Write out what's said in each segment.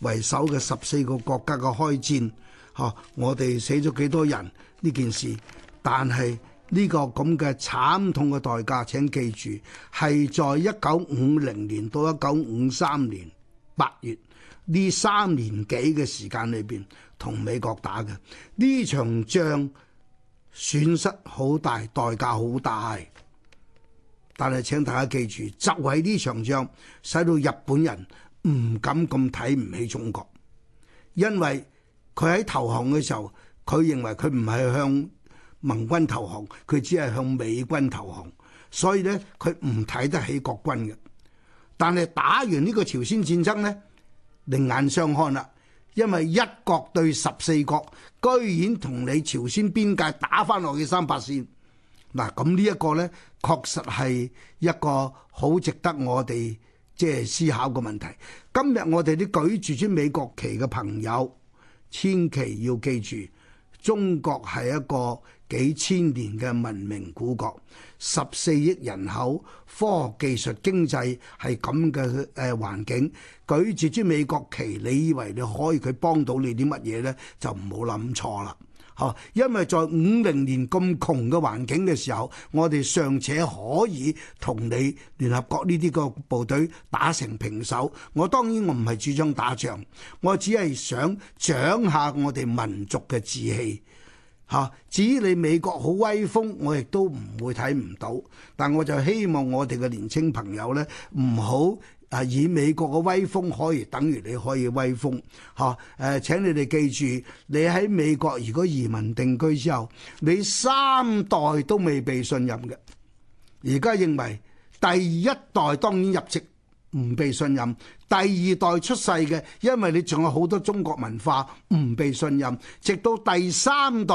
為首嘅十四個國家嘅開戰，吓，我哋死咗幾多人呢件事？但係呢個咁嘅慘痛嘅代價，請記住係在一九五零年到一九五三年八月呢三年幾嘅時間裏邊，同美國打嘅呢場仗，損失好大，代價好大。但係請大家記住，就係呢場仗，使到日本人。唔敢咁睇唔起中國，因為佢喺投降嘅時候，佢認為佢唔係向盟軍投降，佢只係向美軍投降，所以呢佢唔睇得起國軍嘅。但係打完呢個朝鮮戰爭呢，另眼相看啦，因為一國對十四國，居然同你朝鮮邊界打返落去三八線，嗱咁呢一個呢，確實係一個好值得我哋。即係思考個問題。今日我哋啲舉住支美國旗嘅朋友，千祈要記住，中國係一個幾千年嘅文明古國，十四億人口，科學技術經濟係咁嘅誒環境。舉住支美國旗，你以為你可以佢幫到你啲乜嘢呢？就唔好諗錯啦。嚇！因為在五零年咁窮嘅環境嘅時候，我哋尚且可以同你聯合國呢啲個部隊打成平手。我當然我唔係主張打仗，我只係想長下我哋民族嘅志氣。嚇！至於你美國好威風，我亦都唔會睇唔到。但我就希望我哋嘅年青朋友呢，唔好。啊！以美國嘅威風可以等於你可以威風嚇誒？請你哋記住，你喺美國如果移民定居之後，你三代都未被信任嘅。而家認為第一代當然入籍唔被信任，第二代出世嘅，因為你仲有好多中國文化唔被信任，直到第三代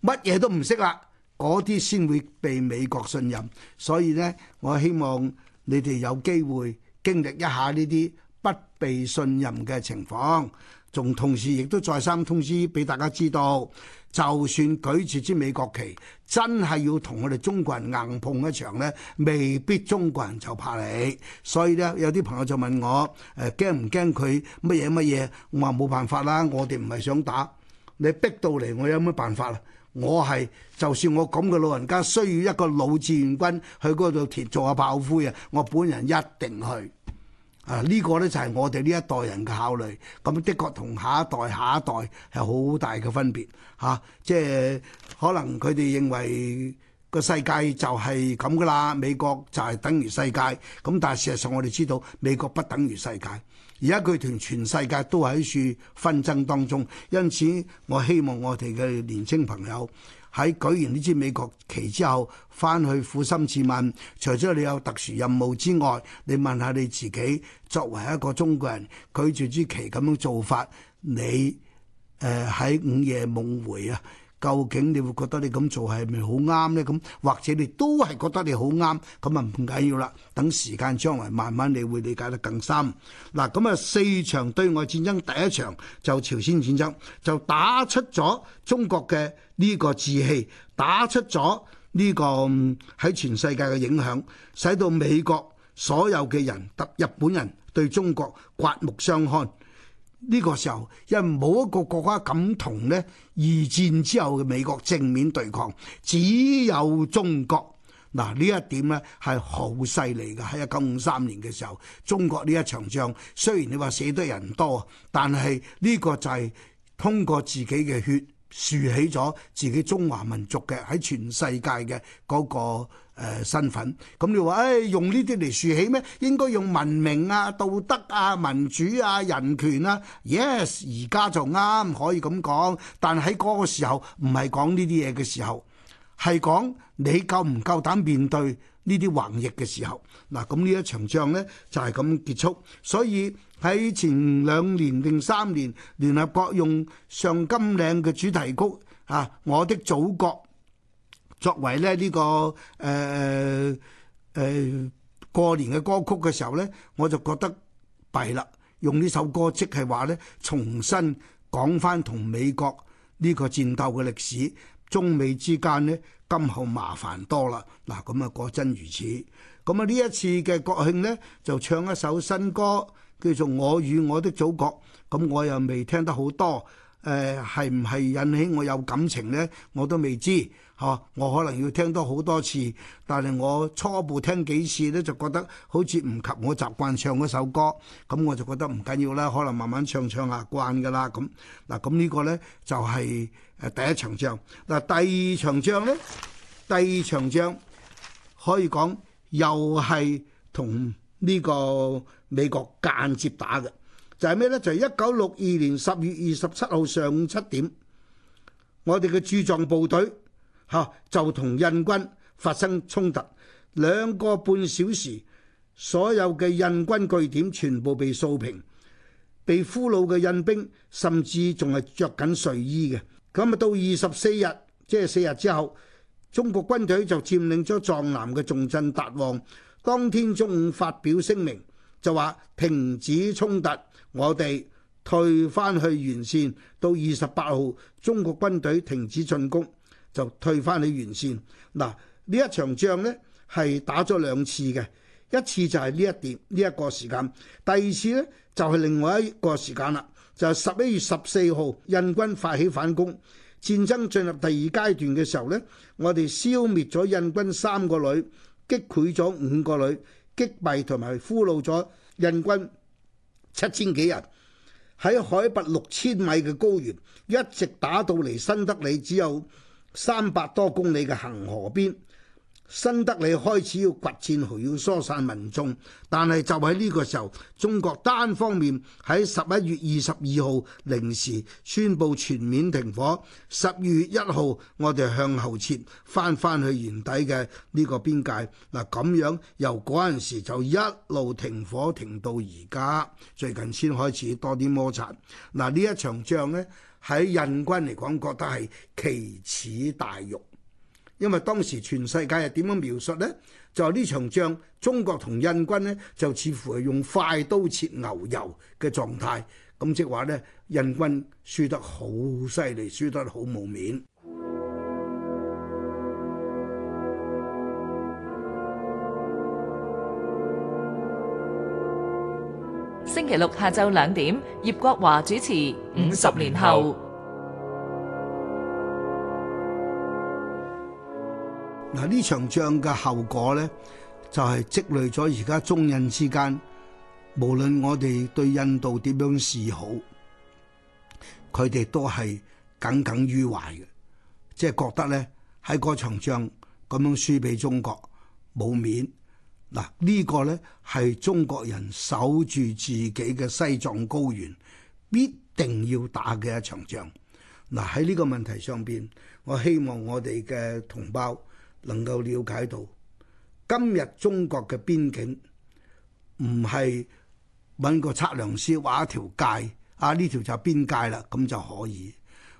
乜嘢都唔識啦，嗰啲先會被美國信任。所以呢，我希望你哋有機會。經歷一下呢啲不被信任嘅情況，仲同時亦都再三通知俾大家知道，就算舉住支美國旗，真係要同我哋中國人硬碰一場呢，未必中國人就怕你。所以咧，有啲朋友就問我：誒驚唔驚佢乜嘢乜嘢？我話冇辦法啦，我哋唔係想打，你逼到嚟，我有乜辦法啊？我係就算我咁嘅老人家需要一個老志願軍去嗰度填做下炮灰啊！我本人一定去啊！呢、這個呢就係、是、我哋呢一代人嘅考慮。咁的確同下一代、下一代係好大嘅分別嚇、啊。即係可能佢哋認為個世界就係咁噶啦，美國就係等於世界咁，但係事實上我哋知道美國不等於世界。而家佢同全世界都喺處紛爭當中，因此我希望我哋嘅年青朋友喺舉完呢支美國旗之後，翻去苦心自問，除咗你有特殊任務之外，你問下你自己，作為一個中國人，舉住支旗咁樣做法，你誒喺、呃、午夜夢回。啊！究竟你會覺得你咁做係咪好啱呢？咁或者你都係覺得你好啱，咁啊唔緊要啦。等時間將來慢慢你會理解得更深。嗱，咁啊四場對外戰爭，第一場就朝鮮戰爭，就打出咗中國嘅呢個志氣，打出咗呢個喺全世界嘅影響，使到美國所有嘅人、特日本人對中國刮目相看。呢個時候，因為冇一個國家敢同呢二戰之後嘅美國正面對抗，只有中國。嗱，呢一點呢係好犀利㗎。喺一九五三年嘅時候，中國呢一場仗，雖然你話死得人多，但係呢個就係通過自己嘅血樹起咗自己中華民族嘅喺全世界嘅嗰個。誒、呃、身份，咁、嗯、你話誒、哎、用呢啲嚟樹起咩？應該用文明啊、道德啊、民主啊、人權啊。Yes，而家就啱可以咁講，但喺嗰個時候唔係講呢啲嘢嘅時候，係講你夠唔夠膽面對呢啲橫逆嘅時候。嗱、嗯，咁、嗯、呢一場仗呢，就係、是、咁結束。所以喺前兩年定三年，聯合國用上甘嶺嘅主題曲啊，我的祖國。作為咧呢個誒誒誒過年嘅歌曲嘅時候咧，我就覺得弊啦。用呢首歌即係話咧，重新講返同美國呢個戰鬥嘅歷史，中美之間呢，今後麻煩多啦。嗱，咁啊果真如此。咁啊呢一次嘅國慶呢，就唱一首新歌，叫做《我與我的祖國》。咁我又未聽得好多，誒係唔係引起我有感情呢？我都未知。哦，我可能要聽多好多次，但係我初步聽幾次咧，就覺得好似唔及我習慣唱嗰首歌，咁我就覺得唔緊要啦，可能慢慢唱唱下慣噶啦。咁嗱，咁呢個呢，就係誒第一場仗。嗱，第二場仗呢？第二場仗可以講又係同呢個美國間接打嘅，就係咩呢？就係一九六二年十月二十七號上午七點，我哋嘅駐藏部隊。嚇，就同印軍發生衝突，兩個半小時，所有嘅印軍據點全部被掃平，被俘虜嘅印兵甚至仲係着緊睡衣嘅。咁啊，到二十四日，即係四日之後，中國軍隊就佔領咗藏南嘅重鎮達旺。當天中午發表聲明就話停止衝突，我哋退返去原線。到二十八號，中國軍隊停止進攻。就退翻去完善嗱，呢一場仗呢，係打咗兩次嘅，一次就係呢一碟呢一個時間，第二次呢，就係、是、另外一個時間啦，就係十一月十四號，印軍發起反攻，戰爭進入第二階段嘅時候呢，我哋消滅咗印軍三個旅，擊潰咗五個旅，擊斃同埋俘虜咗印軍七千幾人，喺海拔六千米嘅高原一直打到嚟新德里，只有。三百多公里嘅恒河邊，新德里開始要掘戰，要疏散民眾。但係就喺呢個時候，中國單方面喺十一月二十二號零時宣布全面停火。十二月一號，我哋向後撤，翻翻去原底嘅呢個邊界。嗱，咁樣由嗰陣時就一路停火，停到而家，最近先開始多啲摩擦。嗱，呢一場仗呢。喺印軍嚟講，覺得係奇恥大辱，因為當時全世界係點樣描述呢？就係呢場仗，中國同印軍呢，就似乎係用快刀切牛油嘅狀態，咁即話呢，印軍輸得好犀利，輸得好冇面。星期六下晝兩點，葉國華主持《五十年後》。嗱，呢場仗嘅後果咧，就係積累咗而家中印之間，無論我哋對印度點樣示好，佢哋都係耿耿於懷嘅，即係覺得咧，喺嗰場仗咁樣輸俾中國，冇面。嗱，呢個呢係中國人守住自己嘅西藏高原，必定要打嘅一場仗。嗱，喺呢個問題上邊，我希望我哋嘅同胞能夠了解到，今日中國嘅邊境唔係揾個測量師畫一條界，啊呢條就係邊界啦，咁就可以。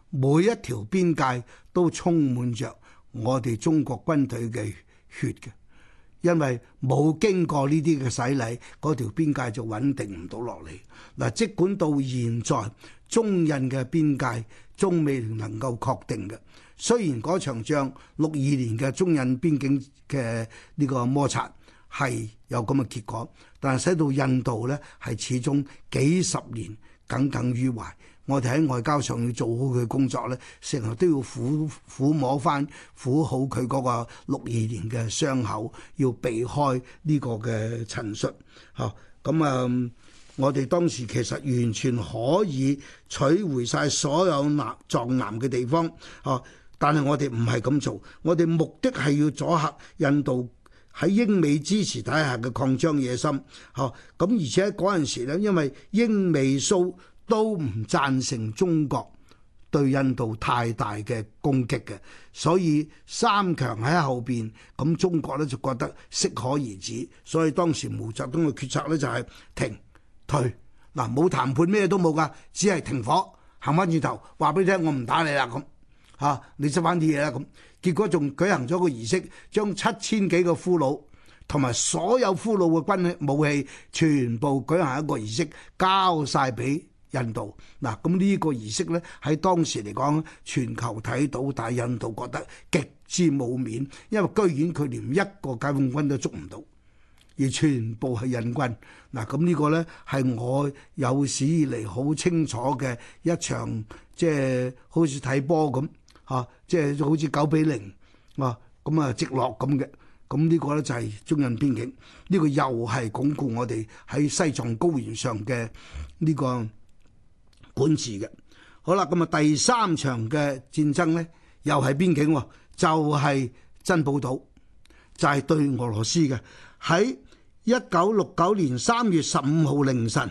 每一條邊界都充滿着我哋中國軍隊嘅血嘅。因為冇經過呢啲嘅洗禮，嗰條邊界就穩定唔到落嚟。嗱，即管到現在中印嘅邊界仲未能夠確定嘅，雖然嗰場仗六二年嘅中印邊境嘅呢個摩擦係有咁嘅結果，但係使到印度呢，係始終幾十年耿耿於懷。我哋喺外交上要做好佢工作呢，成日都要撫撫摸翻、撫好佢嗰個六二年嘅傷口，要避開呢個嘅陳述。嚇，咁啊、嗯，我哋當時其實完全可以取回晒所有南藏南嘅地方。嚇，但係我哋唔係咁做，我哋目的係要阻嚇印度喺英美支持底下嘅擴張野心。嚇，咁而且嗰陣時咧，因為英美蘇。都唔贊成中國對印度太大嘅攻擊嘅，所以三強喺後邊咁，中國呢就覺得適可而止，所以當時毛澤東嘅決策呢，就係停退嗱，冇談判咩都冇㗎，只係停火行翻轉頭話俾你聽，我唔打你啦咁，嚇，你執翻啲嘢啦咁。結果仲舉行咗個儀式，將七千幾個俘虜同埋所有俘虜嘅軍武器全部舉行一個儀式交晒俾。印度嗱，咁呢個儀式咧，喺當時嚟講，全球睇到，但係印度覺得極之冇面，因為居然佢連一個解放軍都捉唔到，而全部係印軍。嗱。咁呢個咧係我有史以嚟好清楚嘅一場，即係好似睇波咁吓，即係好似九比零啊，咁啊，直落咁嘅。咁呢個咧就係中印邊境呢個，又係鞏固我哋喺西藏高原上嘅呢個。管治嘅，好啦，咁啊第三場嘅戰爭咧，又係邊境、哦，就係、是、珍寶島，就係、是、對俄羅斯嘅。喺一九六九年三月十五號凌晨，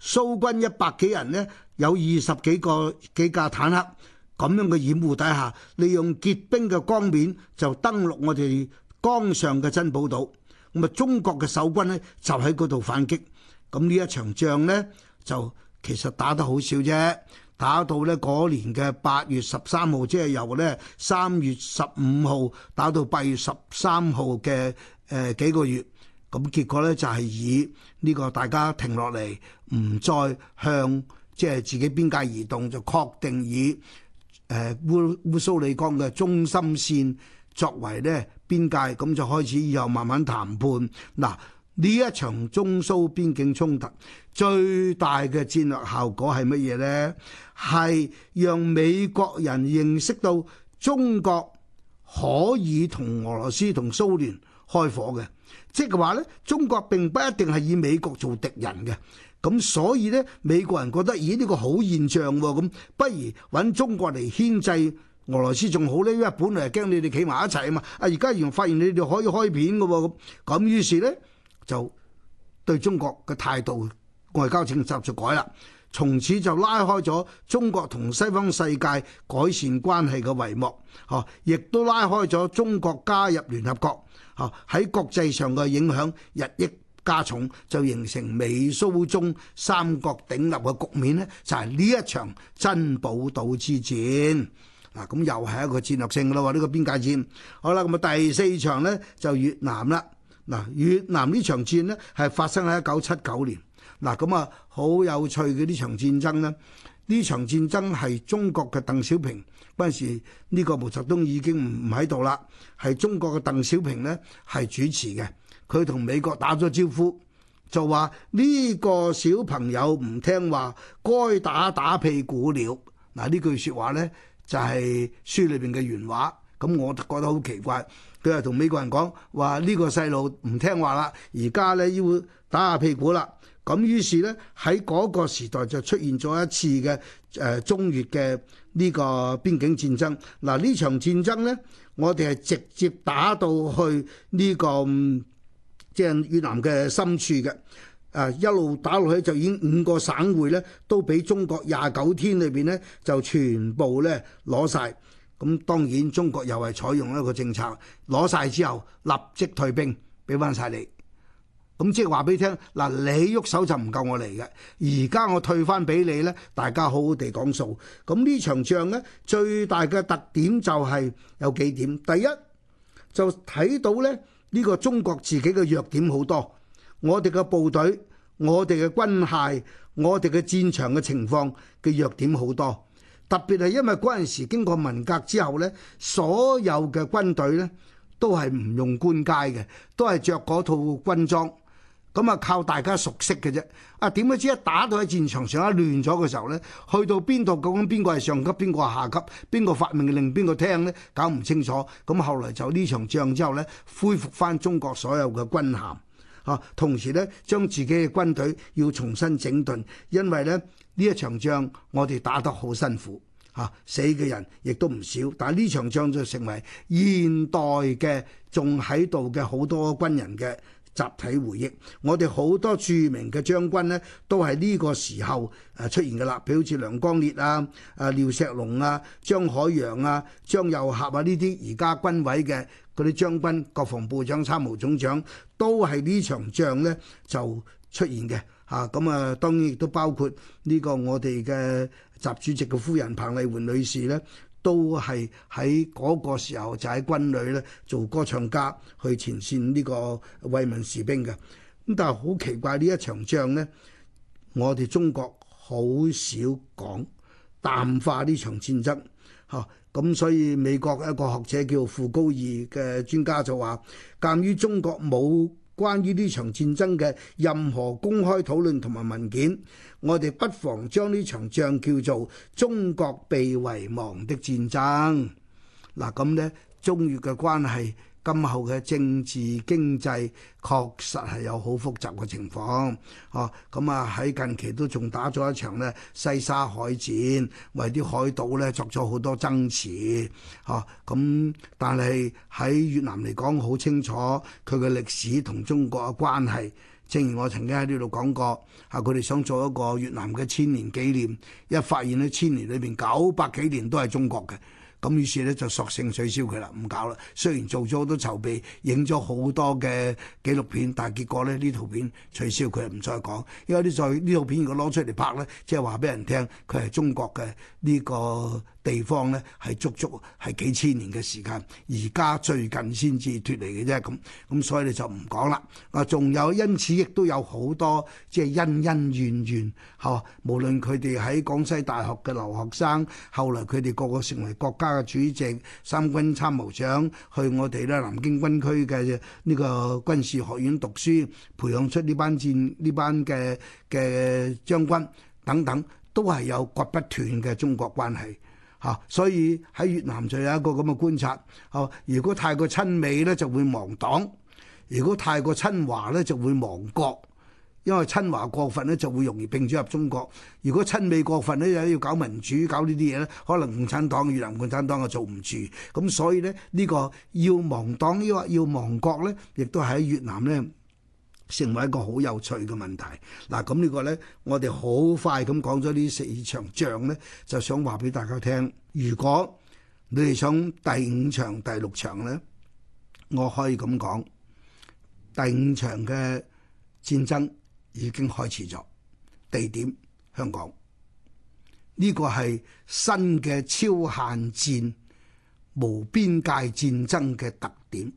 蘇軍一百幾人咧，有二十幾個幾架坦克咁樣嘅掩護底下，利用結冰嘅江面就登陸我哋江上嘅珍寶島。咁啊，中國嘅守軍咧就喺嗰度反擊。咁呢一場仗咧就。其實打得好少啫，打到咧嗰年嘅八月十三號，即係由咧三月十五號打到八月十三號嘅誒幾個月，咁結果咧就係以呢個大家停落嚟，唔再向即係自己邊界移動，就確定以誒烏烏蘇里江嘅中心線作為咧邊界，咁就開始以後慢慢談判嗱。呢一場中蘇邊境衝突最大嘅戰略效果係乜嘢呢？係讓美國人認識到中國可以同俄羅斯同蘇聯開火嘅，即係話呢，中國並不一定係以美國做敵人嘅。咁所以呢，美國人覺得咦，呢個好現象喎，咁不如揾中國嚟牽制俄羅斯仲好呢，因為本來係驚你哋企埋一齊啊嘛。啊而家又發現你哋可以開片嘅喎，咁咁於是呢。就對中國嘅態度外交政策就改啦，從此就拉開咗中國同西方世界改善關係嘅帷幕，嚇，亦都拉開咗中國加入聯合國，嚇喺國際上嘅影響日益加重，就形成美蘇中三國鼎立嘅局面咧，就係呢一場珍寶島之戰，嗱咁又係一個戰略性嘅啦，呢個邊界戰，好啦，咁啊第四場咧就越南啦。嗱，越南呢場戰呢係發生喺一九七九年。嗱，咁啊好有趣嘅呢場戰爭呢，呢場戰爭係中國嘅鄧小平嗰陣時，呢個毛澤東已經唔喺度啦，係中國嘅鄧小平呢係主持嘅。佢同美國打咗招呼，就話呢個小朋友唔聽話，該打打屁股了。嗱，呢句説話呢就係書裏邊嘅原話，咁我就覺得好奇怪。佢係同美國人講話呢個細路唔聽話啦，而家呢，要打下屁股啦。咁於是呢，喺嗰個時代就出現咗一次嘅誒、呃、中越嘅呢個邊境戰爭。嗱、呃、呢場戰爭呢，我哋係直接打到去呢、這個即係、嗯就是、越南嘅深處嘅。啊、呃、一路打落去就已經五個省會呢都俾中國廿九天裏邊呢就全部呢攞晒。咁當然中國又係採用一個政策，攞曬之後立即退兵，俾翻曬你。咁即係話俾你聽，嗱你喐手就唔夠我嚟嘅。而家我退翻俾你呢，大家好好地講數。咁呢場仗呢，最大嘅特點就係有幾點。第一就睇到呢呢個中國自己嘅弱點好多，我哋嘅部隊、我哋嘅軍械、我哋嘅戰場嘅情況嘅弱點好多。特別係因為嗰陣時經過文革之後咧，所有嘅軍隊咧都係唔用官階嘅，都係著嗰套軍裝，咁啊靠大家熟悉嘅啫。啊點解知一打到喺戰場上一亂咗嘅時候咧，去到邊度究竟邊個係上級，邊個係下級，邊個發命令邊個聽咧，搞唔清楚。咁後來就呢場仗之後咧，恢復翻中國所有嘅軍銜。同時咧，將自己嘅軍隊要重新整頓，因為咧呢一場仗我哋打得好辛苦，嚇、啊、死嘅人亦都唔少。但係呢場仗就成為現代嘅仲喺度嘅好多軍人嘅集體回憶。我哋好多著名嘅將軍咧，都係呢個時候誒出現嘅啦，譬如好似梁光烈啊、啊廖錫龍啊、張海洋啊、張又俠啊呢啲而家軍委嘅。嗰啲將軍、國防部長、參謀總長都係呢場仗呢就出現嘅，嚇、啊、咁啊！當然亦都包括呢個我哋嘅習主席嘅夫人彭麗媛女士呢，都係喺嗰個時候就喺軍旅呢做歌唱家去前線呢個慰問士兵嘅。咁但係好奇怪呢一場仗呢，我哋中國好少講淡化呢場戰爭。嚇，咁、哦嗯、所以美國一個學者叫傅高義嘅專家就話，鑑於中國冇關於呢場戰爭嘅任何公開討論同埋文件，我哋不妨將呢場仗叫做中國被遺忘的戰爭。嗱，咁、啊、呢中越嘅關係。今後嘅政治經濟確實係有好複雜嘅情況，哦、啊，咁啊喺近期都仲打咗一場呢西沙海戰，為啲海島呢作咗好多爭持，哦、啊，咁、啊、但係喺越南嚟講好清楚，佢嘅歷史同中國嘅關係，正如我曾經喺呢度講過，啊佢哋想做一個越南嘅千年紀念，一發現呢千年裏邊九百幾年都係中國嘅。咁於是咧就索性取消佢啦，唔搞啦。雖然做咗好多籌備，影咗好多嘅紀錄片，但係結果咧呢套片取消佢，唔再講。因為呢再呢套片如果攞出嚟拍咧，即係話俾人聽，佢係中國嘅呢個。地方呢係足足係幾千年嘅時間，而家最近先至脫離嘅啫。咁咁，所以你就唔講啦。啊，仲有因此亦都有好多即係恩恩怨怨。嗬，無論佢哋喺廣西大學嘅留學生，後來佢哋個個成為國家嘅主席、三軍參謀長，去我哋咧南京軍區嘅呢個軍事學院讀書，培養出呢班戰呢班嘅嘅將軍等等，都係有割不斷嘅中國關係。嚇、啊，所以喺越南就有一個咁嘅觀察，嚇、啊。如果太過親美咧，就會亡黨；如果太過親華咧，就會亡國。因為親華過分咧，就會容易並主入中國；如果親美過分咧，又要搞民主，搞呢啲嘢咧，可能共產黨、越南共產黨就做唔住。咁所以咧，呢、這個要亡黨，呢個要亡國咧，亦都喺越南咧。成為一個好有趣嘅問題。嗱，咁呢個呢，我哋好快咁講咗呢四場仗呢，就想話俾大家聽。如果你哋想第五場、第六場呢，我可以咁講，第五場嘅戰爭已經開始咗，地點香港。呢個係新嘅超限戰、無邊界戰爭嘅特點。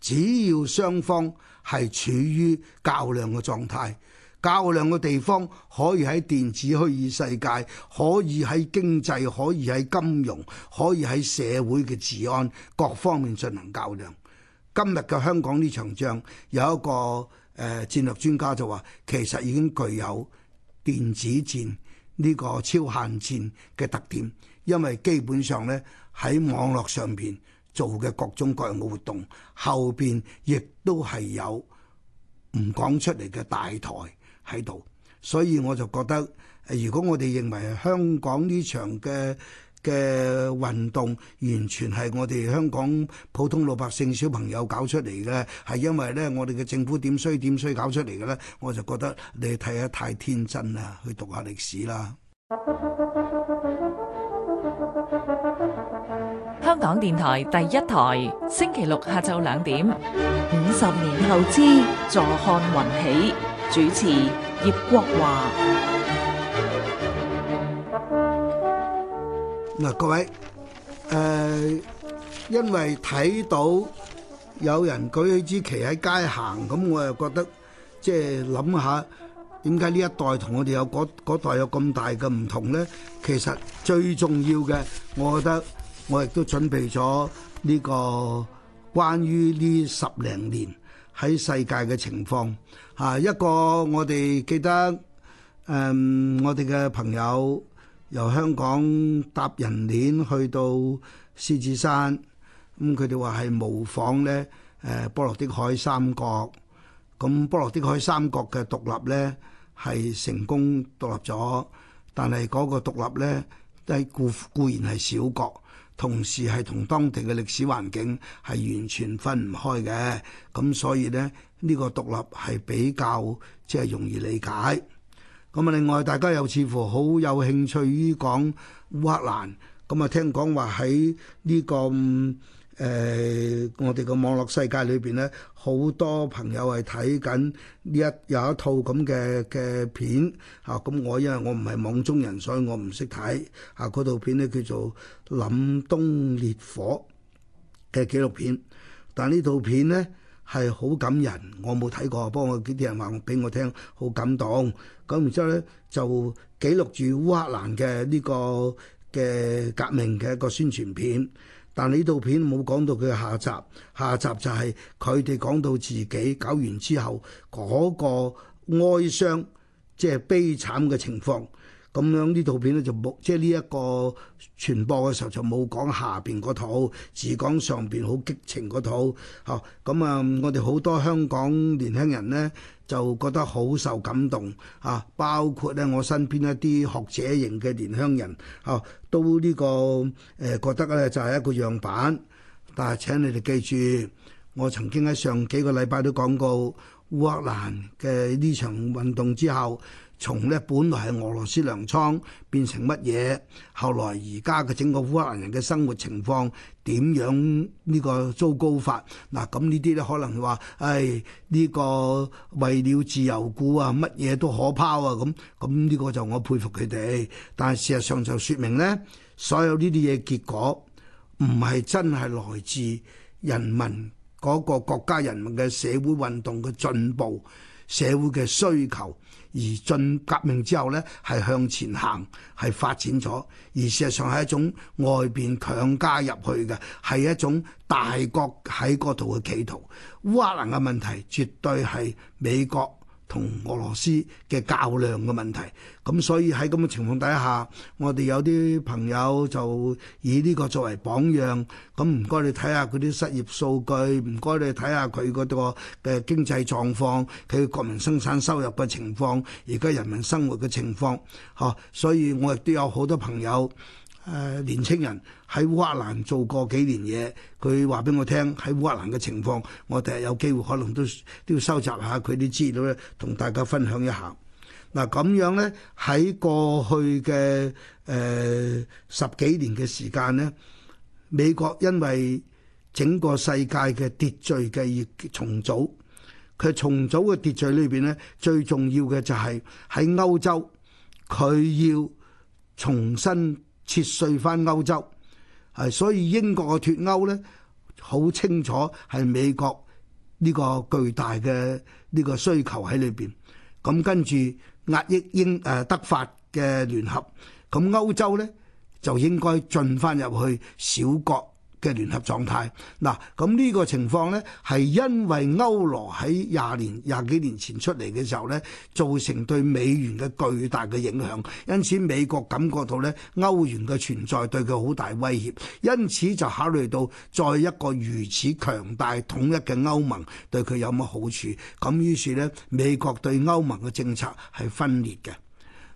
只要雙方係處於較量嘅狀態，較量嘅地方可以喺電子虛擬世界，可以喺經濟，可以喺金融，可以喺社會嘅治安各方面進行較量。今日嘅香港呢場仗，有一個誒戰略專家就話，其實已經具有電子戰呢個超限戰嘅特點，因為基本上呢，喺網絡上邊做嘅各種各樣嘅活動，後邊亦都係有唔講出嚟嘅大台喺度，所以我就覺得，如果我哋認為香港呢場嘅嘅運動完全係我哋香港普通老百姓小朋友搞出嚟嘅，係因為呢，我哋嘅政府點衰點衰搞出嚟嘅呢，我就覺得你睇下太天真啦，去讀下歷史啦。香港電台第一台，星期六下晝兩點，五十年後知，坐看雲起，主持葉國華。嗱，各位，誒，因為睇到有人舉起支旗喺街行，咁我又覺得，即係諗下，點解呢一代同我哋有嗰嗰代有咁大嘅唔同咧？其實最重要嘅，我覺得。我亦都準備咗呢個關於呢十零年喺世界嘅情況嚇。一個我哋記得誒，我哋嘅朋友由香港搭人鏈去到獅子山，咁佢哋話係模仿咧，誒波羅的海三國咁。波羅的海三國嘅獨立咧，係成功獨立咗，但係嗰個獨立咧都固固然係小國，同時係同當地嘅歷史環境係完全分唔開嘅，咁所以咧呢、呢個獨立係比較即係、就是、容易理解。咁啊，另外大家又似乎好有興趣於講烏克蘭，咁啊聽講話喺呢個。嗯誒、呃，我哋個網絡世界裏邊咧，好多朋友係睇緊呢一有一套咁嘅嘅片嚇，咁、啊、我因為我唔係網中人，所以我唔識睇嚇嗰套片呢叫做《凜冬烈火》嘅紀錄片。但呢套片呢係好感人，我冇睇過，不過有啲人話我俾我聽，好感動。咁然之後咧就記錄住烏克蘭嘅呢、這個嘅革命嘅一個宣傳片。但呢套片冇講到佢下集，下集就係佢哋講到自己搞完之後嗰個哀傷即係悲慘嘅情況。咁樣呢套片咧就冇，即係呢一個傳播嘅時候就冇講下邊嗰套，只講上邊好激情嗰套，嚇。咁、嗯、啊，我哋好多香港年輕人呢，就覺得好受感動，嚇、啊。包括咧我身邊一啲學者型嘅年輕人，嚇、啊、都呢、呢個誒、呃、覺得咧就係一個樣板。但係請你哋記住，我曾經喺上幾個禮拜都講過。烏克蘭嘅呢場運動之後，從呢本來係俄羅斯糧倉變成乜嘢？後來而家嘅整個烏克蘭人嘅生活情況點樣？呢個糟糕法嗱，咁呢啲咧可能話，唉，呢個為了自由故啊，乜嘢都可拋啊！咁咁呢個就我佩服佢哋，但係事實上就説明咧，所有呢啲嘢結果唔係真係來自人民。嗰個國家人民嘅社會運動嘅進步、社會嘅需求而進革命之後呢，係向前行，係發展咗。而事實上係一種外邊強加入去嘅，係一種大國喺嗰度嘅企圖。烏克蘭嘅問題絕對係美國。同俄羅斯嘅較量嘅問題，咁所以喺咁嘅情況底下，我哋有啲朋友就以呢個作為榜樣，咁唔該你睇下佢啲失業數據，唔該你睇下佢嗰個嘅經濟狀況，佢國民生產收入嘅情況，而家人民生活嘅情況，嚇，所以我亦都有好多朋友。誒年青人喺烏克蘭做過幾年嘢，佢話俾我聽喺烏克蘭嘅情況，我第日有機會可能都都要收集下佢啲資料咧，同大家分享一下嗱。咁樣咧喺過去嘅誒十幾年嘅時間咧，美國因為整個世界嘅秩序嘅重組，佢重組嘅秩序裏邊咧最重要嘅就係喺歐洲，佢要重新。切碎翻歐洲，係所以英國嘅脱歐咧，好清楚係美國呢個巨大嘅呢個需求喺裏邊。咁跟住壓抑英誒德法嘅聯合，咁歐洲咧就應該進翻入去小國嘅聯合狀態。嗱，咁呢個情況呢，係因為歐羅喺廿年廿幾年前出嚟嘅時候呢，造成對美元嘅巨大嘅影響，因此美國感覺到呢，歐元嘅存在對佢好大威脅，因此就考慮到再一個如此強大統一嘅歐盟對佢有乜好處，咁於是呢，美國對歐盟嘅政策係分裂嘅。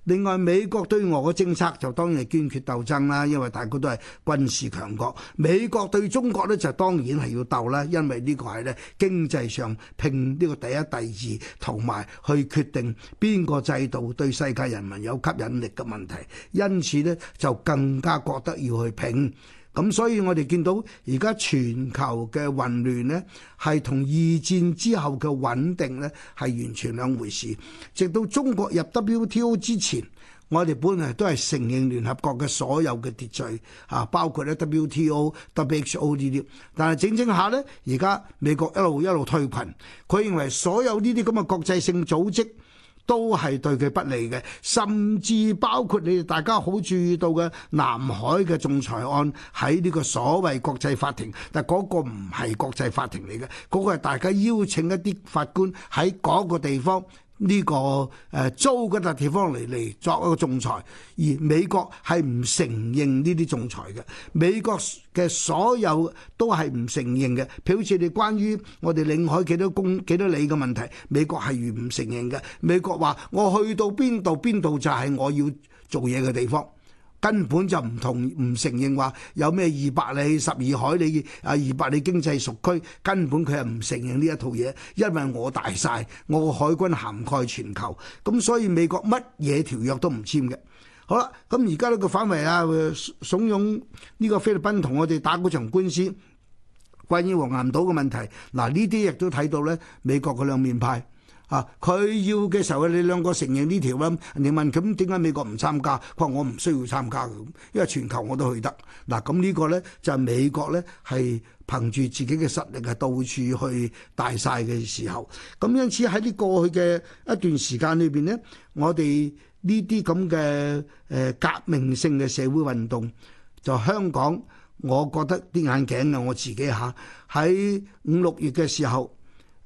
另外，美國對俄嘅政策就當然係堅決鬥爭啦，因為大家都係軍事強國。美國對中國咧就當然係要鬥啦，因為呢個係咧經濟上拼呢個第一、第二，同埋去決定邊個制度對世界人民有吸引力嘅問題。因此咧，就更加覺得要去拼。咁所以，我哋見到而家全球嘅混亂呢，係同二戰之後嘅穩定呢，係完全兩回事。直到中國入 WTO 之前，我哋本嚟都係承認聯合國嘅所有嘅秩序，啊，包括咧 WTO、WHO 呢啲。但係整整下呢，而家美國一路一路退群，佢認為所有呢啲咁嘅國際性組織，都係對佢不利嘅。甚至包括你哋大家好注意到嘅南海嘅仲裁案，喺呢個所謂國際法庭，但係嗰個唔係國際法庭嚟嘅。嗰個係大家邀請一啲法官喺嗰個地方。呢個誒租嗰笪地方嚟嚟作一個仲裁，而美國係唔承認呢啲仲裁嘅。美國嘅所有都係唔承認嘅，譬如好似你關於我哋領海幾多公幾多里嘅問題，美國係完全唔承認嘅。美國話我去到邊度，邊度就係我要做嘢嘅地方。根本就唔同，唔承認話有咩二百里、十二海里啊、二百里經濟屬區，根本佢係唔承認呢一套嘢，因為我大晒，我個海軍涵蓋全球，咁所以美國乜嘢條約都唔簽嘅。好啦，咁而家呢個反為啊，慫恿呢個菲律賓同我哋打嗰場官司，關於黃岩島嘅問題，嗱呢啲亦都睇到咧美國嘅兩面派。啊！佢要嘅時候，你兩個承認呢條啦。你問：咁點解美國唔參加？佢話：我唔需要參加嘅，因為全球我都去得。嗱，咁呢個呢就係美國呢，係憑住自己嘅實力係到處去大曬嘅時候。咁因此喺呢過去嘅一段時間裏邊呢，我哋呢啲咁嘅誒革命性嘅社會運動，就香港，我覺得啲眼鏡啊，我自己嚇喺五六月嘅時候。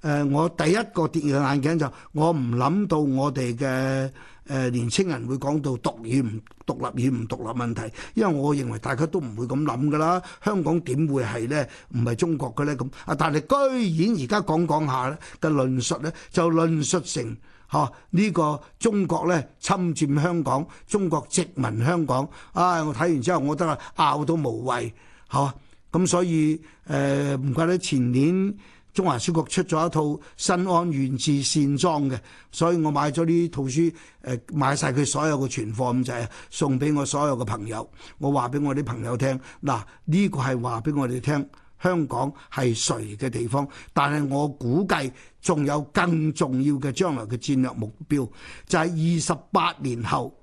誒，我第一個跌嘅眼鏡就，我唔諗到我哋嘅誒年青人會講到獨與唔獨立與唔獨立問題，因為我認為大家都唔會咁諗噶啦，香港點會係咧？唔係中國嘅咧咁。啊，但係居然而家講講下嘅論述咧，就論述成嚇呢個中國咧侵佔香港，中國殖民香港。啊，我睇完之後，我覺得啊，拗都無謂嚇。咁所以誒，唔怪得前年。中華書局出咗一套《新安縣志線裝》嘅，所以我買咗呢套書，誒買晒佢所有嘅存貨，咁就係送俾我所有嘅朋友。我話俾我啲朋友聽嗱，呢個係話俾我哋聽，香港係誰嘅地方？但係我估計仲有更重要嘅將來嘅戰略目標就係二十八年後，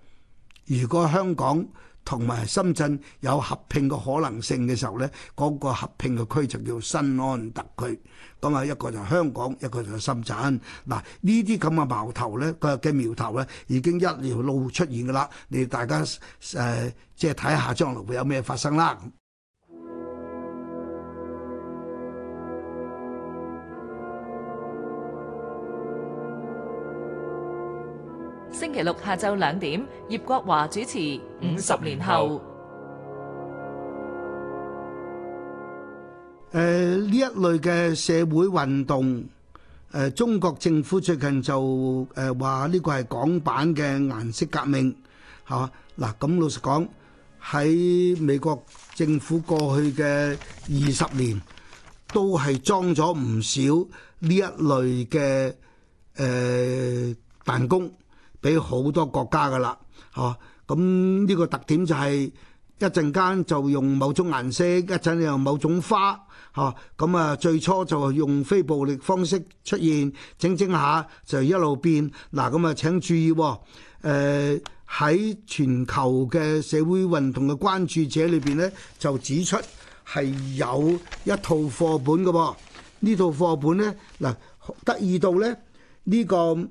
如果香港，同埋深圳有合併嘅可能性嘅時候咧，嗰、那個合併嘅區就叫新安特區。咁啊，一個就香港，一個就深圳。嗱，呢啲咁嘅矛頭咧，佢嘅苗頭咧，已經一條路出現噶啦。你大家誒、呃，即係睇下將來會有咩發生啦。星期六下晝兩點，葉國華主持《五十年後》。誒，呢一類嘅社會運動，誒，中國政府最近就誒話呢個係港版嘅顏色革命吓嗱。咁老實講，喺美國政府過去嘅二十年，都係裝咗唔少呢一類嘅誒彈弓。俾好多國家噶啦，嚇咁呢個特點就係一陣間就用某種顏色，一陣又某種花，嚇咁啊！最初就用非暴力方式出現，整整下就一路變。嗱咁啊！請注意、哦，誒、呃、喺全球嘅社會運動嘅關注者裏邊呢，就指出係有一套課本噶噃、哦。呢套課本呢，嗱、嗯、得意到呢，呢、這個。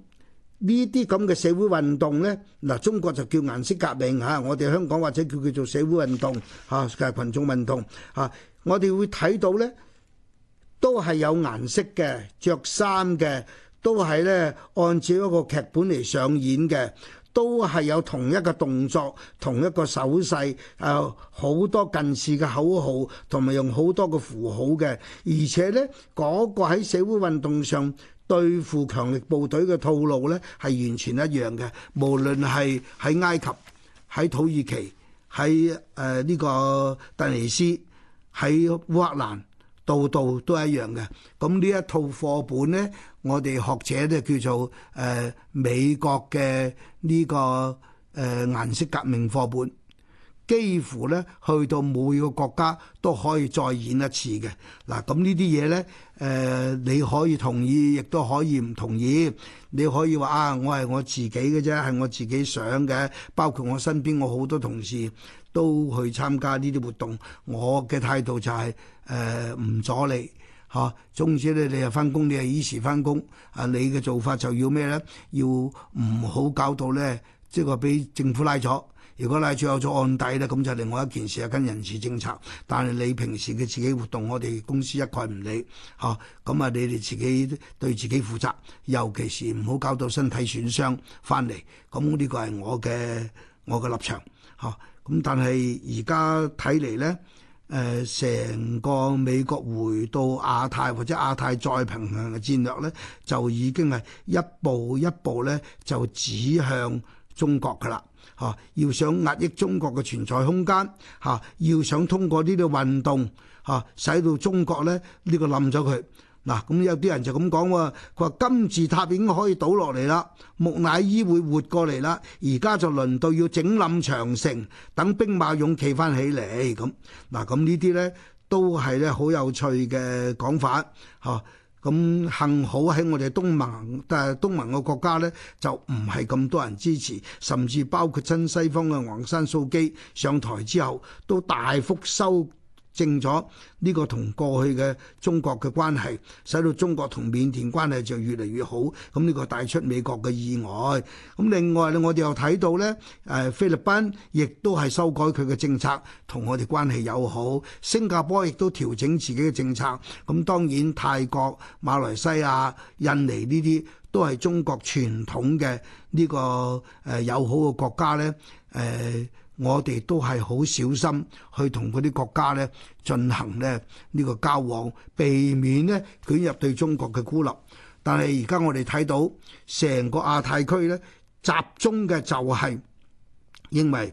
呢啲咁嘅社會運動呢，嗱，中國就叫顏色革命嚇，我哋香港或者叫佢做社會運動嚇，係、啊、群眾運動嚇、啊。我哋會睇到呢，都係有顏色嘅，着衫嘅，都係呢，按照一個劇本嚟上演嘅，都係有同一個動作、同一個手勢，誒、啊、好多近似嘅口號，同埋用好多個符號嘅，而且呢，嗰、嗰個喺社會運動上。對付強力部隊嘅套路咧，係完全一樣嘅。無論係喺埃及、喺土耳其、喺誒呢個突尼斯、喺烏克蘭，度度都係一樣嘅。咁、嗯、呢一套課本咧，我哋學者咧叫做誒、呃、美國嘅呢、這個誒、呃、顏色革命課本。幾乎咧去到每個國家都可以再演一次嘅，嗱，咁呢啲嘢咧，誒、呃、你可以同意，亦都可以唔同意。你可以話啊，我係我自己嘅啫，係我自己想嘅。包括我身邊我好多同事都去參加呢啲活動，我嘅態度就係誒唔阻你，嚇、啊。總之咧，你又翻工，你係依時翻工。啊，你嘅做法就要咩咧？要唔好搞到咧，即係話俾政府拉咗。如果你最有咗案底咧，咁就另外一件事啊，係跟人事政策。但係你平時嘅自己活動，我哋公司一概唔理，嚇。咁啊，你哋自己對自己負責，尤其是唔好搞到身體損傷翻嚟。咁、啊、呢個係我嘅我嘅立場，嚇、啊。咁但係而家睇嚟咧，誒、呃，成個美國回到亞太或者亞太再平衡嘅戰略咧，就已經係一步一步咧就指向中國㗎啦。吓，要想壓抑中國嘅存在空間，嚇，要想通過呢啲運動，嚇，使到中國咧呢個冧咗佢。嗱，咁有啲人就咁講喎，佢話金字塔已經可以倒落嚟啦，木乃伊會活過嚟啦，而家就輪到要整冧長城，等兵馬俑企翻起嚟咁。嗱，咁呢啲呢，都係咧好有趣嘅講法，嚇。咁幸好喺我哋東盟，但係東盟嘅國家咧就唔係咁多人支持，甚至包括親西方嘅昂山素姬上台之後都大幅收。正咗呢個同過去嘅中國嘅關係，使到中國同緬甸關係就越嚟越好。咁呢個帶出美國嘅意外。咁另外咧，我哋又睇到咧，誒菲律賓亦都係修改佢嘅政策，同我哋關係友好。新加坡亦都調整自己嘅政策。咁當然泰國、馬來西亞、印尼呢啲都係中國傳統嘅呢個誒友好嘅國家咧，誒、呃。我哋都係好小心去同嗰啲國家咧進行咧呢個交往，避免咧捲入對中國嘅孤立。但係而家我哋睇到成個亞太區咧集中嘅就係因為。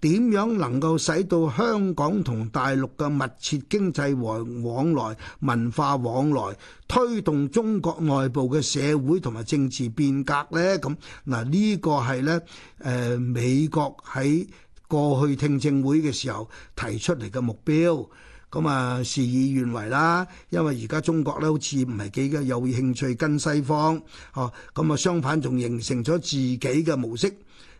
點樣能夠使到香港同大陸嘅密切經濟往來、文化往來，推動中國內部嘅社會同埋政治變革呢？咁嗱，呢、呢個係呢誒美國喺過去聽證會嘅時候提出嚟嘅目標，咁啊事與願違啦，因為而家中國咧好似唔係幾嘅有興趣跟西方，哦咁啊相反仲形成咗自己嘅模式。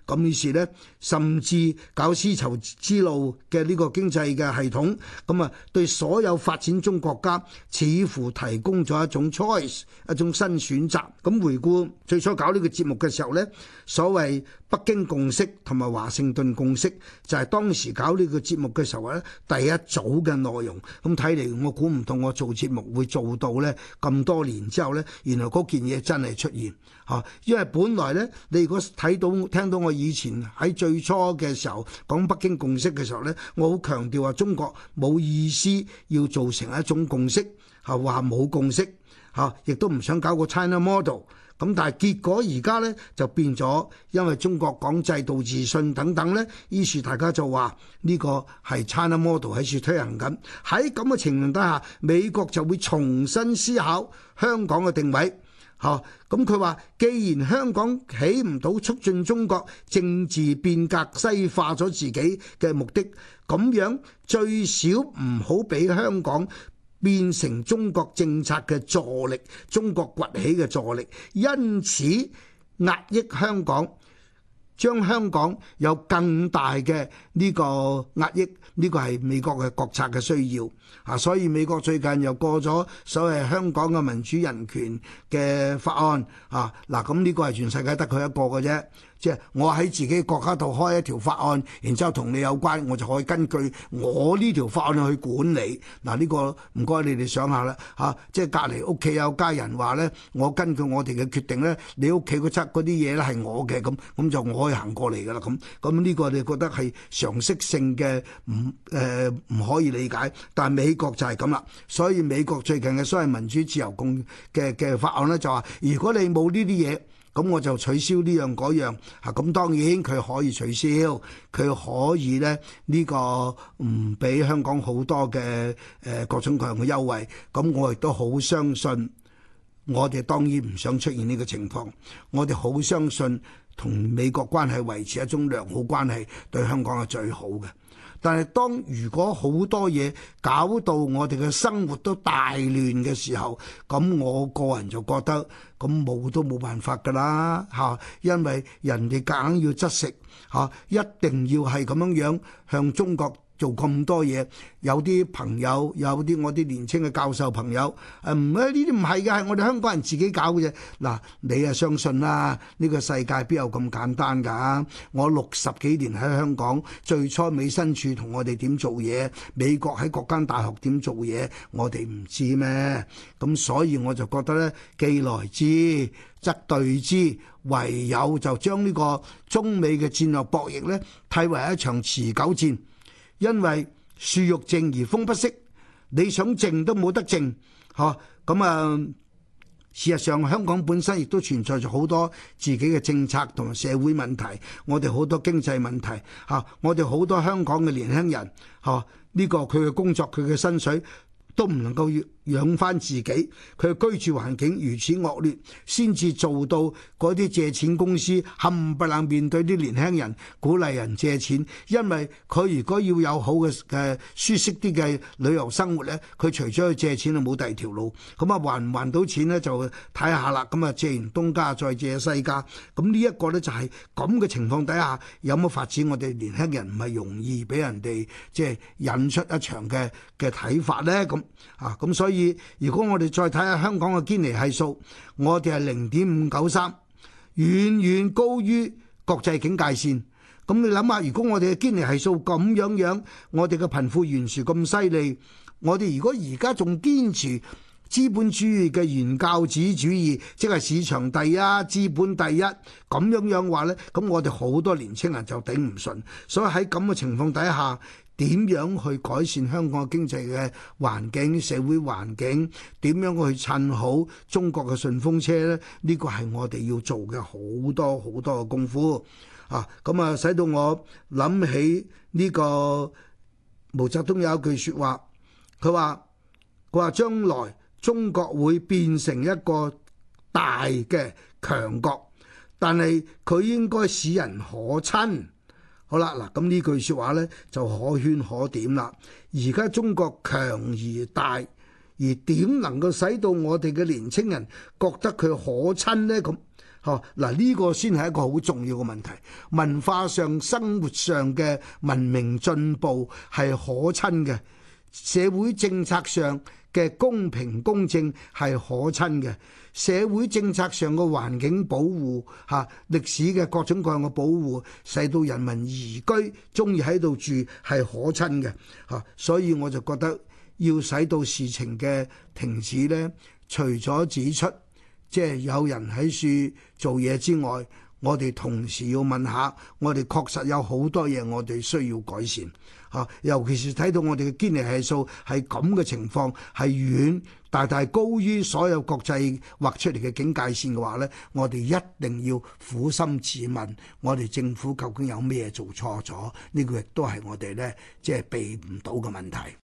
咁於是咧，甚至搞絲綢之路嘅呢個經濟嘅系統，咁啊對所有發展中國家，似乎提供咗一種 choice，一種新選擇。咁回顧最初搞呢個節目嘅時候咧，所謂。北京共識同埋華盛頓共識就係、是、當時搞呢個節目嘅時候咧，第一組嘅內容。咁睇嚟，我估唔到我做節目會做到呢咁多年之後呢，原來嗰件嘢真係出現嚇、啊，因為本來呢，你如果睇到聽到我以前喺最初嘅時候講北京共識嘅時候呢，我好強調話中國冇意思要做成一種共識，係話冇共識嚇，亦、啊、都唔想搞個 China model。咁但係結果而家呢就變咗，因為中國講制度自信等等呢。於是大家就話呢個係 China model 喺處推行緊。喺咁嘅情形底下，美國就會重新思考香港嘅定位。嚇，咁佢話既然香港起唔到促進中國政治變革西化咗自己嘅目的，咁樣最少唔好俾香港，變成中國政策嘅助力，中國崛起嘅助力，因此壓抑香港，將香港有更大嘅呢個壓抑，呢個係美國嘅國策嘅需要啊！所以美國最近又過咗所謂香港嘅民主、人權嘅法案啊！嗱，咁呢個係全世界得佢一個嘅啫。即係我喺自己國家度開一條法案，然之後同你有關，我就可以根據我呢條法案去管理。嗱、啊、呢、呢個唔該，你哋想，想下啦嚇、啊。即係隔籬屋企有家人話咧，我根據我哋嘅決定咧，你屋企嗰側嗰啲嘢咧係我嘅咁，咁就我可以行過嚟噶啦咁。咁呢個你覺得係常識性嘅唔誒唔可以理解，但係美國就係咁啦。所以美國最近嘅所謂民主自由共嘅嘅法案咧，就話如果你冇呢啲嘢。咁我就取消呢樣嗰樣，嚇，咁當然佢可以取消，佢可以咧呢呢個唔俾香港好多嘅誒各種各樣嘅優惠。咁我亦都好相信，我哋當然唔想出現呢個情況。我哋好相信同美國關係維持一種良好關係，對香港係最好嘅。但係，當如果好多嘢搞到我哋嘅生活都大亂嘅時候，咁我個人就覺得咁冇都冇辦法噶啦嚇，因為人哋梗硬要質食嚇，一定要係咁樣樣向中國。做咁多嘢，有啲朋友，有啲我啲年青嘅教授朋友，誒唔係，呢啲唔係嘅，係我哋香港人自己搞嘅啫。嗱，你啊相信啦，呢個世界邊有咁簡單㗎？我六十幾年喺香港，最初美新處同我哋點做嘢，美國喺各間大學點做嘢，我哋唔知咩咁，所以我就覺得咧，既來之則對之，唯有就將呢個中美嘅戰略博弈咧，替為一場持久戰。因為樹欲靜而風不息，你想靜都冇得靜，吓咁啊！事實上，香港本身亦都存在著好多自己嘅政策同社會問題，我哋好多經濟問題，吓我哋好多香港嘅年輕人，吓呢個佢嘅工作佢嘅薪水都唔能夠。養翻自己，佢居住環境如此惡劣，先至做到嗰啲借錢公司冚唪唥面對啲年輕人鼓勵人借錢，因為佢如果要有好嘅嘅舒適啲嘅旅遊生活呢，佢除咗去借錢就冇第二條路。咁啊還唔還到錢呢？就睇下啦。咁啊借完東家再借西家，咁呢一個呢，就係咁嘅情況底下有冇發展？我哋年輕人唔係容易俾人哋即係引出一場嘅嘅睇法呢？咁啊咁所以。所以，如果我哋再睇下香港嘅堅尼系數，我哋係零點五九三，遠遠高於國際警戒線。咁你諗下，如果我哋嘅堅尼系數咁樣樣，我哋嘅貧富懸殊咁犀利，我哋如果而家仲堅持資本主義嘅原教旨主義，即係市場第一、資本第一咁樣樣話咧，咁我哋好多年青人就頂唔順。所以喺咁嘅情況底下。點樣去改善香港經濟嘅環境、社會環境？點樣去趁好中國嘅順風車呢？呢個係我哋要做嘅好多好多嘅功夫啊！咁、嗯、啊，使到我諗起呢個毛澤東有一句説話，佢話：佢話將來中國會變成一個大嘅強國，但係佢應該使人可親。好啦，嗱咁呢句說話呢，就可圈可點啦。而家中國強而大，而點能夠使到我哋嘅年青人覺得佢可親呢？咁，嗬嗱呢個先係一個好重要嘅問題。文化上、生活上嘅文明進步係可親嘅，社會政策上，嘅公平公正係可親嘅，社會政策上嘅環境保護嚇，歷史嘅各種各樣嘅保護，使到人民宜居，中意喺度住係可親嘅嚇，所以我就覺得要使到事情嘅停止呢，除咗指出即係有人喺度做嘢之外，我哋同時要問下，我哋確實有好多嘢我哋需要改善。嚇，尤其是睇到我哋嘅堅尼係數係咁嘅情況，係遠大大高於所有國際畫出嚟嘅警戒線嘅話咧，我哋一定要苦心自問，我哋政府究竟有咩做錯咗？呢個亦都係我哋咧，即係避唔到嘅問題。